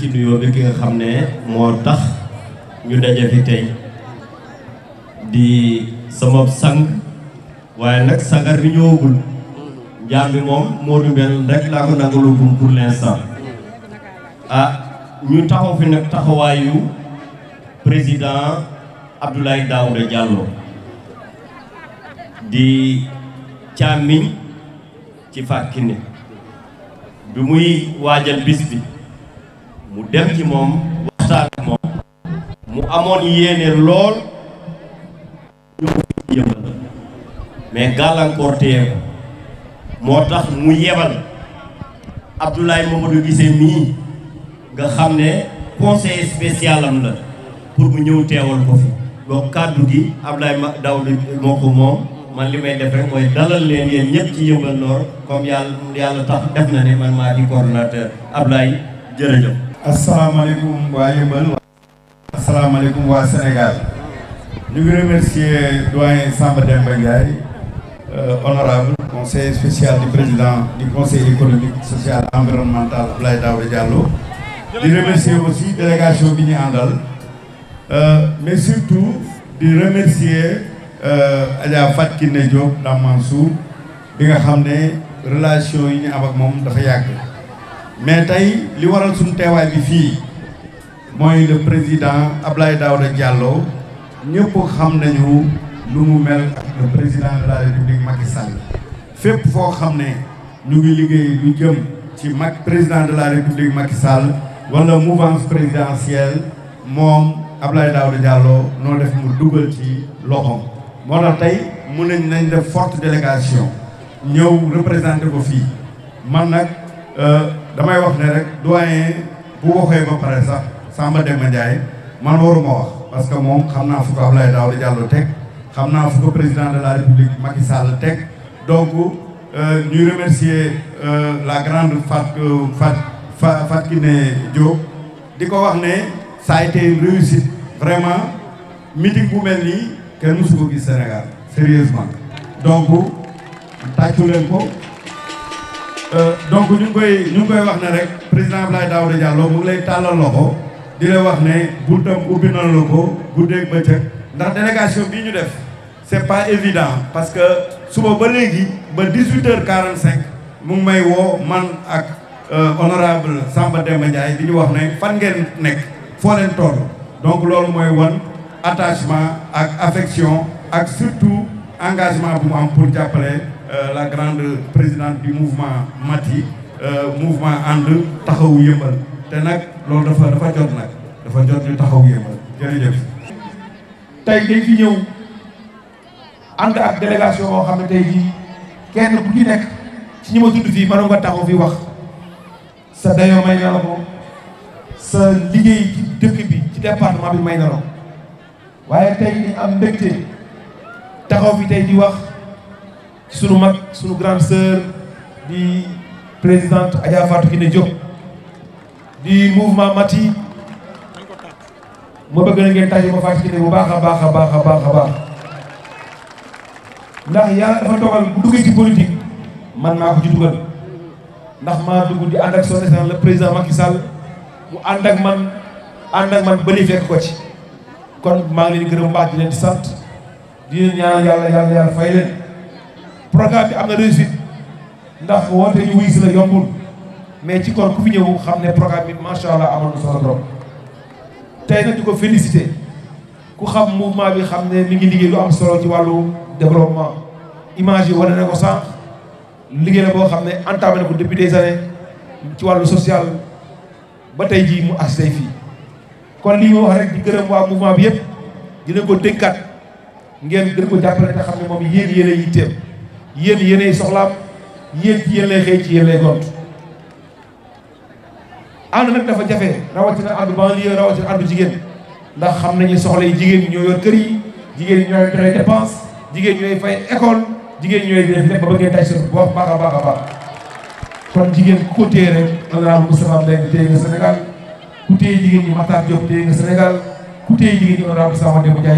ci nuyoo bi ki nga xam ne moo tax ñu daje fi tey di sama sang waaye nag sangar bi ñëwagul njaam bi moom moo du benn rek laa ko nangalugum pour l'instant ah ñu taxaw fi nag taxawaayu président Abdoulaye Daouda Diallo di càmmiñ ci Fàkkiné bi muy waajal bis bi mu dem ci moom waxtaan mu amoon yéene lool ñëw fi yëmbal mais gàllankoor téye moo tax mu yebal Abdoulaye Mamadou Guissé mii nga xam ne conseiller spécial am la pour mu ñëw teewal ko fi donc kàddu gi Abdoulaye Daouda moo ko moom man li may def rek mooy dalal leen yéen ñëpp ci Yeumbeul Nord comme yàlla yàlla tax def na ne man maa di coordonnateur Abdoulaye jërëjëf asalaamaaleykum waa Yeumbeul asalaamaaleykum waa Sénégal ñu ngi remercier doyen Samba Demba Ndiaye euh, honorable conseiller spécial du président du conseil économique social environnemental Abdoulaye Daouda Diallo di remercier aussi délégation bi ñu àndal euh, mais surtout di remercier euh, Adja Fatou Kiné Diop Dame Mansour bi nga xam ne relation yi ñu am ak moom dafa yàgg mais tey li waral suñu teewaay bi fii mooy le président Abdoulaye Daouda jàlloo ñëpp xam nañu lu mu mel ak le président de la république Macky Sall fépp foo xam ne ñu ngi liggéey lu jëm ci mag président de la république Macky Sall wala mouvance présidentielle moom Abdoulaye Daouda Diallo noo def mu dugal ci loxoom. moo tax tey mu nañ nañ def forte délégation ñëw représenté ko fii man nag. Euh, damay wax ne rek doyen bu waxee ba pare sax Samba Demba Ndiaye man waruma wax parce que moom xam naa fu ko Abdoulaye Daouda Diallo teg xam naa fu ko président de la République Macky Sall teg donc euh, ñuy remercier euh, la grande Fat euh, Fat Fat Kiné Diop di ko wax ne ça a été vraiment meeting bu mel nii kenn mësu ko gis Sénégal sérieusement donc tàccu leen ko Euh, donc ñu koy ñu koy wax ne rek président Abdoulaye Daouda Diallo mu ngi lay tàllal loxo di la wax ne buntam ubbi na la ko guddeeg bëccëg ndax délégation bii ñu def c'est pas évident parce que suba ba léegi ba 18 heures 45 mu ngi may woo man ak euh, honorable Samba Demba Ndiaye di ñu wax ne fan ngeen nekk foo leen toll donc loolu mooy wan attachement ak affection ak surtout engagement bu mu am pour jàppale Euh, la grande présidente du mouvement Mati euh, mouvement ànd taxawu yëmbal te nag loolu dafa dafa jot nag dafa jot ñu taxawu yëmbal jërëjëf. tey dañ fi ñëw ànd ak délégation boo xam ne tey jii kenn bu ci nekk ci ñi ma tudd fii mënoon nga taxaw fi wax sa dayoo may na sa liggéey ci dëkk bi ci département bi may na la waaye tey ni am mbégte taxaw fi tey di wax. sunu mag sunu grande sœur di présidente Adja Fatou Kiné Diop di mouvement Mati ma bëgg na ngeen tàjji ma Fatou Kiné bu baax a baax a baax a baax a baax ndax yàlla dafa dogal bu duggee ci politique man naa ko ci ndax maa dugg di ànd ak son excellence le président Macky sal mu ànd ak man ànd ak man ba li fekk ko ci kon maa ngi leen di gërëm baax di leen sant di leen ñaanal yàlla yàlla yàlla fay leen. programme bi am na réussite ndax woote ñu wuy si la yombul mais ci kon ku fi ñëw xam ne programme bi macha allah amoon na solo trop tey nag di ko félicité ku xam mouvement bi xam ne mi ngi liggéey lu am solo ci wàllu développement image yi wane na ko sànq liggéey la boo xam ne entamé na ko depuis des années ci wàllu social ba tey jii mu as fii kon li mu wax rek di gërëm waa mouvement bi yëpp dinañ ko dénkaat ngeen gën ko jàppale te xam ne moom yé yéen a yéen yéenay soxlaam yéen ci yéen lay ci yéen lay gont ànd nag dafa jafe rawatina àndu banlieue rawatina àndu jigéen ndax xam nañu soxla yi jigéen ñi ñoo yor kër yi jigéen ñi ñooy joxe dépense jigéen ñooy fay école jigéen ñooy def lépp ba a baax a baax kon jigéen ku ko téye rek honorable Moustapha Mbengue téye nga Sénégal ku téye jigéen ñi Makhtar Diop téye ku téye jigéen ñi honorable Samba Demba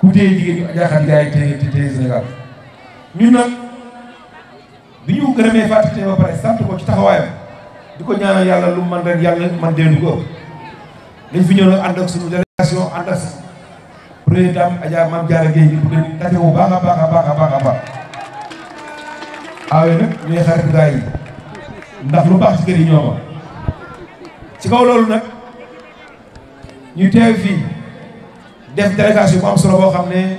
ku téye jigéen ñi Adja Khady Ndiaye téye téye ñun nag bi ñu gërëmee Fatou Seye ba pare sant ko ci taxawaayam di ko ñaanal yàlla lu man ren yàlla man deen ko dañ fi ñëw nag ànd bu dee daje bu baax a ñoo ma ci kaw loolu nag ñu teew fii def délégation bu am solo boo xam ne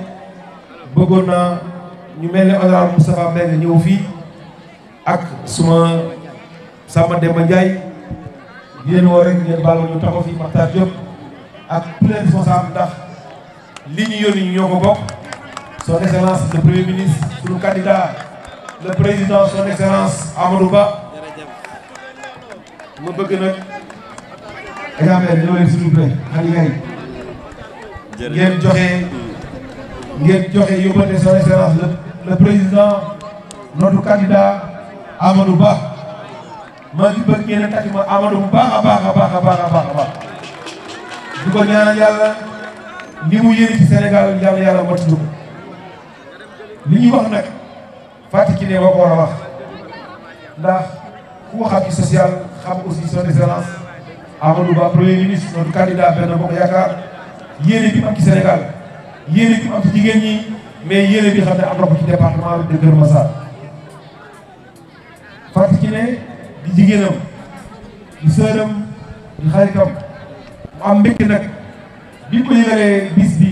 bëggoon naa ñu mel ne honorable Moustapha Mbengue ñëw fii ak suma Samba Demba Ndiaye di leen woo rek ngeen baal ñu taxaw fii Makhtar Diop ak tous les responsables ndax li ñu yónni ñu ñoo ko bokk son excellence le président son excellence Amadou Ba ma bëgg nag égamen ñoo leen s'il vous plaît xani ngay ngeen joxe ngeen joxe yóbbante son excellence le président notre candidat Amadou Ba maa ngi bëgg ngeen a tàcc ma Amadou bu baax a baax a baax a baax a baax a baax di ko ñaanal yàlla li mu yéene ci Sénégal yàlla yàlla motu ko li ñuy wax nag Fatick ne boo ko war wax ndax ku waxaat ci social xam aussi son excellence Amadou Ba premier ministre notre candidat Benno Bokk Yaakaar yéene bi mu am ci yéene bi am ci jigéen ñi mais yéene bi xam ne am na ko ci département de Kër Massar fàttali ci di jigéenam di sëram di xaritam mu am mbégte nag bi mu yëgalee bis bi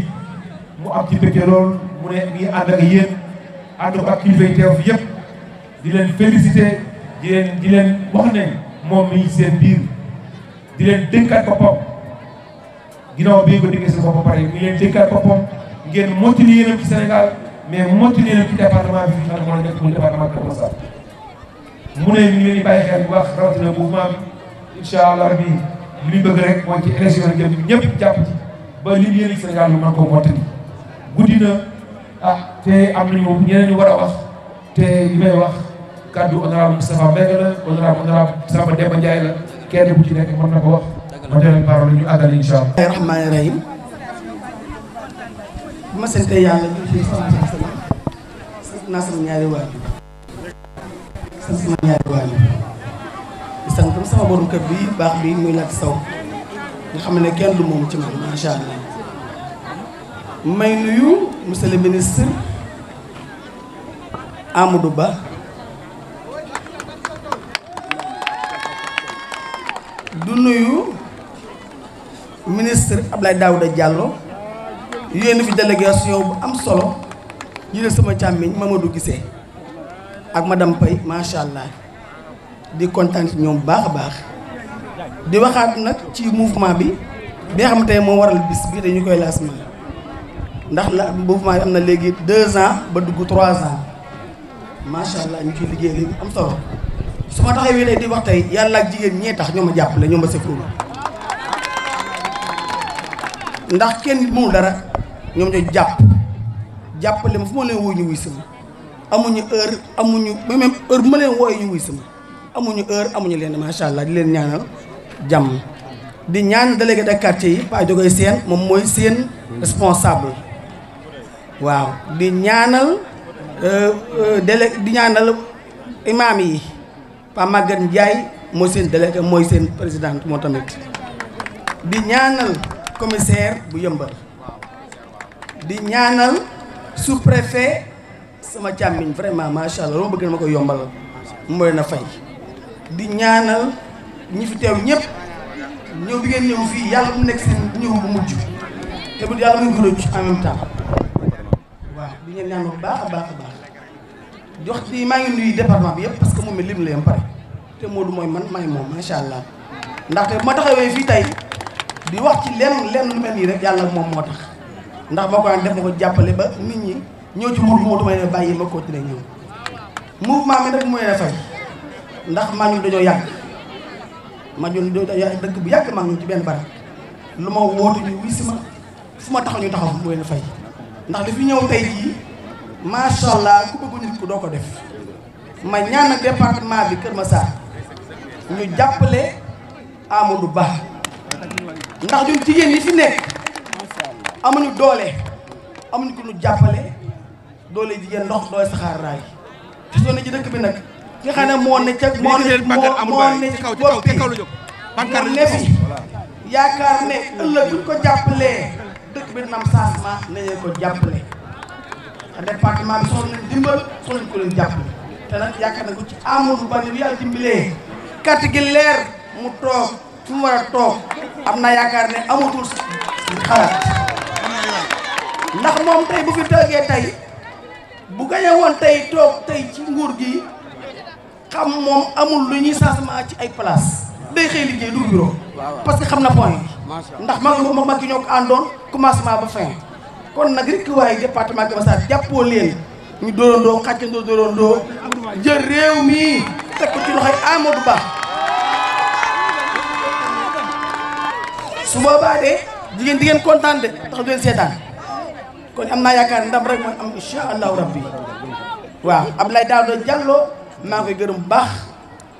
mu am ci mbégte mu ne ngi ànd ak yéen ànd ko ak kilifa yi teew fi yëpp di leen félicité di leen di leen wax ne moom mi seen biir di leen dénkaat ko bopp ginnaaw bii ko diggee seen bopp pare mu leen dénkaat boppam ngeen mottali yéenam ci Sénégal mais mottali yéenam ci département bi nga xam ne nekk mu département Kër Massar mu ne bi allah li ñu bëgg rek mooy ci élection yi ñëpp jàpp ci ba li ñu yéene Sénégal lu mën ko mottali guddi na ah te am nañu ñeneen ñu war a wax te li may wax kaddu honorable Moustapha Mbengue la honorable honorable Samba Demba Ndiaye la kenn bu ci nekk mën na ko wax. moo tax ñu parole ñu àggal yàlla julli wa naa sama ñaari waajur sant sama ñaari waajur di sama borom kër bi baax bi muy laaj saw nga xam ne kenn du moom ci man may nuyu monsieur ministre Amadou Ba du nuyu ministre Abdoulaye Daouda Diallo yéen fi délégation bu am solo ñu ne sama càmmiñ ma ma du Gisee ak ma madame Paye macha allah di kontaan ci ñoom baax a baax di waxaat nag ci mouvement bi bi nga xam tey moo waral bis bi ñu koy laas lancement ndax la mouvement bi am na léegi deux ans ba dugg trois ans macha allah ñu ciy liggéey léegi am solo su ma taxawee tey di wax tey yàlla ak jigéen ñee tax ñoo ma jàpp jàppale ñoo ma sëfru ndax kenn nit mënul dara ñoom ñooy jàpp jàppale ma fu ma leen woo ñu wuy sama amuñu heure amuñu même heure bu ma leen wooyee ñu wuy sama amuñu heure amuñu leen macha allah di leen ñaanal jàmm di ñaan délégué de quartier yi Pa joge seen moom mooy seen responsable waaw di ñaanal euh, euh, délégué di ñaanal imaam yi Pa Maguette Ndiaye moo seen délégué mooy seen présidente moo tamit di ñaanal. commissaire bu yëmbal di ñaanal sous préfet sama càmmiñ vraiment macha allah lu ma bëgg na ma ko yombal mooy na fay di ñaanal ñi fi teew ñëpp ñëw bi ngeen ñëw fii yàlla mu nekk seen ñëw bu mujj te bu yàlla muy gën a en même temps waaw di ngeen ñaan bu baax a baax a baax jox di maa ngi nuyu département bi yëpp parce que moom it lim la yem pare te Modou mooy man maay moom macha allah ndaxte bu ma taxawee fii tey. li wax ci lenn lenn lu mel nii rek yàlla moom moo tax ndax moo ko daan def ma ko jàppale ba nit ñi ñëw ci mur moo du may ne bàyyi ma continuer ñëw mouvement mu ne fay ndax maa ñun dañoo yàgg maa ñun dañoo dëkk bu yàgg maa ci benn barab lu ma wootu ñu wuy si ma fu ma taxaw ñu taxaw mu leen fay ndax li fi ñëw tey jii macha allah ku bëgg ku doo ko def ma ñaan département bi Kër ma Massar ñu jàppale Amadou Ba ndax ñun jigéen yi fi nekk amuñu doole amuñu ku ñu jàppale doole jigéen ndox doole saxaar raay te soo ne ci dëkk bi nag ki xam ne moo ne ca moo ne moo ne ci bopp bi mu ne fi yaakaar ne ëllëg buñ ko jàppalee dëkk bi dina am changement nañu ko jàppale département bi soxla nañ dimbal soxla nañ ko leen jàppale te nag yaakaar na ku ci amul ba ne bu yàlla dimbalee carte gi leer mu toog fu mu war a toog am na yaakaar ne amatul xalaat ndax moom tey bu fi toogee tey bu gañe woon tey toog tey ci nguur gi xam moom amul lu ñuy changement ci ay place day xëy liggéey du bureau parce que xam na point bi ndax mag ma mag ñoo ko àndoon commencement ba fin kon nag rekk waaye département Keur Massar jàppoo leen ñu dóorandoo xàccandoo dóorandoo jël réew mi teg ko ci loxoy Amadou Ba su boobaa de jigéen di ngeen kontaan de tax du seetaan kon am naa yaakaar ndam rek mooy am incha allahu rabbi waaw Abdoulaye Daouda Diallo maa ngi koy gërëm bu baax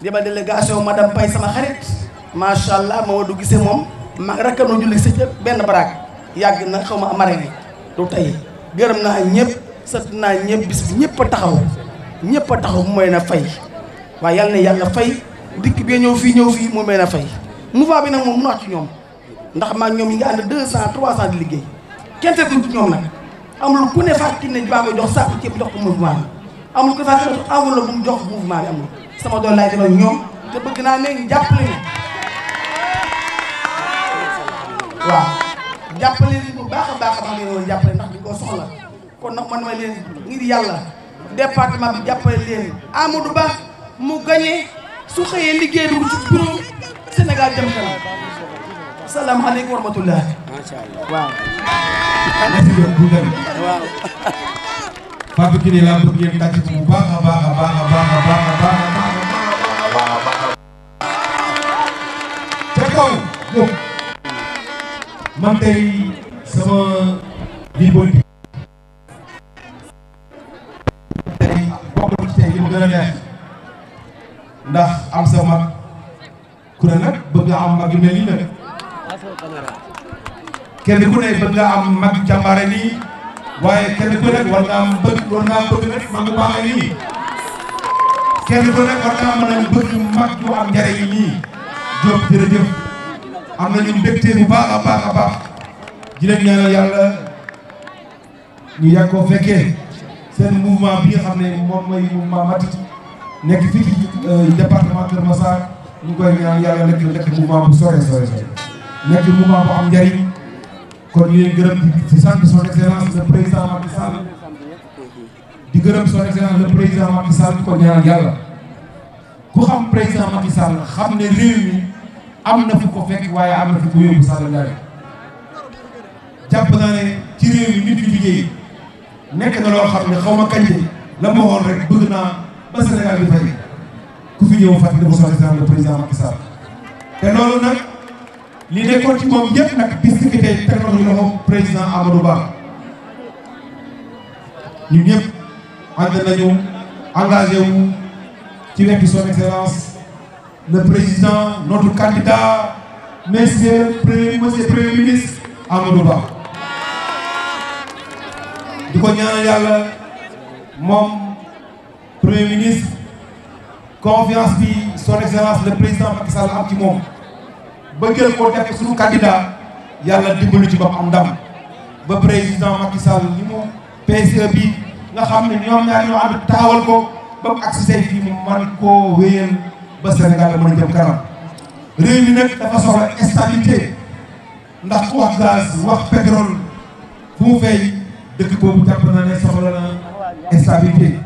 yebal délégation madame Paye sama xarit macha allah Mamadou gisee moom ma rakka noo julli sa benn baraag yàgg na xaw ma amare ni du tey gërëm naa ñëpp sant naa ñëpp bis bi ñëpp a taxaw ñëpp a taxaw mu may na fay waaye yàlla na yàlla fay dikk bi ñëw fii ñëw fii mu may na fay mouvement bi nag moom mu ñoom ndax maa ñoom ñi nga ànd deux cent trois cent di liggéey kenn fekkuñ ci ñoom nag amul ku ne fàttali ne baa koy jox sàkku ceeb jox ko mouvement bi amul ko fàttali ne amul la bu mu jox mouvement bi amul sama doon laay demal ñoom te bëgg naa ne jàppale ni waaw jàppale ni bu a baax a baax leen woon jàppale ndax dañ koo soxla kon nag man ma leen ngir yàlla département bi jàppale leen Amadou Ba mu gagné su xëyee liggéey dugg ci bureau Sénégal jëm kanam salaamaaleykum wa rahmatulah. macha allah waaw. merci beaucoup Deme. waaw. Fatou Kiné laa bëgg ngeen tàcc bu baax a baax a baax a baax a baax a baax a baax a baax a baax. ca kaw jóg. man tey sama lii booy bi. tey bokk na ci tey li ma gën a neex ndax am sa mag ku ne nag bëgg am mag yu mel nii nag. kenn ku ne bëgg nga am mag jàmbaare nii waaye kenn ku nekk war nga am bëgg war nga am bëgg nag mag bu am njëriñ nii Diop jërëjëf am nañu mbégte bu baax a baax a baax di leen ñaanal yàlla ñu yàgg fekkee seen mouvement bi nga xam ne moom mooy mouvement Matit nekk fii ci euh, département Kër Massar ñu koy ñaan yàlla nekk nekk mouvement bu sore sore nekk mouvement bu am njëriñ kon ñu ngi gërëm di sant son excellence le président Macky Sall di gërëm son excellence le président Macky Sall ko ñaan yàlla ku xam président Macky Sall xam ne réew mi am na fu ko fekk waaye am na fu ko yóbbu Sall Ndiaye jàpp naa ne ci réew mi nit yu liggéey nekk na loo xam ne xaw ma kañ la ma waxoon rek bëgg naa ba Sénégal bi fay ku fi ñëw fàttali ko son excellence le président Macky Sall te loolu nag. li nekkoon ci moom yëpp nag bis ki tey teg président Amadou Ba ñu ñëpp ànd nañu engagé ci wetu son excellence le président notre candidat monsieur premier ministre Amadou Ba di ko ñaanal yàlla moom premier ministre confiance bi son excellence le président Macky am ci moom ba jël ko def suñu candidat yàlla dimbalu ci ba am ndam ba président Macky Sall ni mu PSE bi nga xam ne ñoom ñaar ñoo ànd taawal ko ba mu agsi say fii mu man koo wéyal ba Sénégal mën a jëm kanam réew mi nag dafa soxla stabilité ndax ku wax gaz wax pétrole fu mu dëkk boobu jàpp na ne soxla na stabilité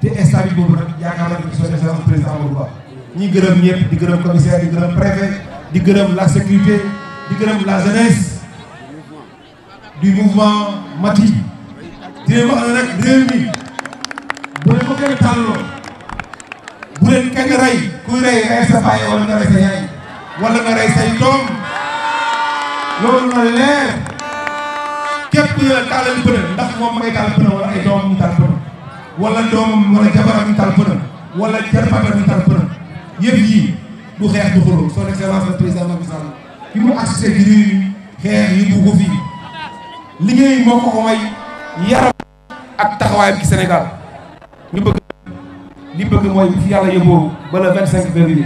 te stabilité boobu nag yaakaar naa ne soo defee am di gërëm commissaire di gërëm préfet di gërëm la sécurité di gërëm la jeunesse du mouvement Mati dinañ wax ne rek réew mi bu leen ko kenn tàlloo bu leen kenn rey kuy rey rey sa baay wala nga rey say doom loolu na leer képp ku ne la ndax moom ma ngay tàll pënë wala ay doomam ñu tàll pënë wala doomam wala jabaram tàll pënë wala yëpp yii du xeex du xuloo son excellence le président Macky Sall bi mu assisté bi ñuy xeex yi bu ko fii liggéey moo ko ko may yaram ak taxawaay bi Sénégal ñu bëgg li bëgg mooy fi yàlla yóbboo ba le vingt cinq février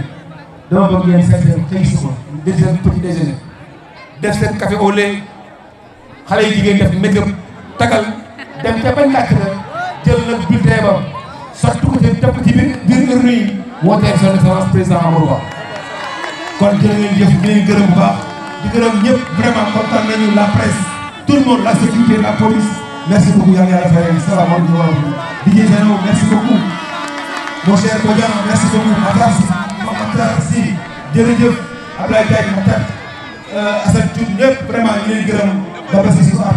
dama bëgg yéen seen xëy suma deuxième petit déjeuner def seen café au lait xale yi jigéen def make-up tagal dem ca bañ làkk na jël nag bulletin ba sotti ko ca dëpp ci biir biir urne yi wootee son excellence président Amadou Ba kon jërë ngeen jëf di leen gërëm bu di gërëm ñëpp vraiment kontaan nañu la presse tout le monde la sécurité la police merci beaucoup yàlla yàlla fay leen salaamaaleykum wa rahmatulah. Didier Jeannot merci beaucoup mon cher Kodian merci beaucoup Matas Matar si jërëjëf Abdoulaye Gaye Matar euh, Assane Diouf ñëpp vraiment ñu leen gërëm Baba Cissé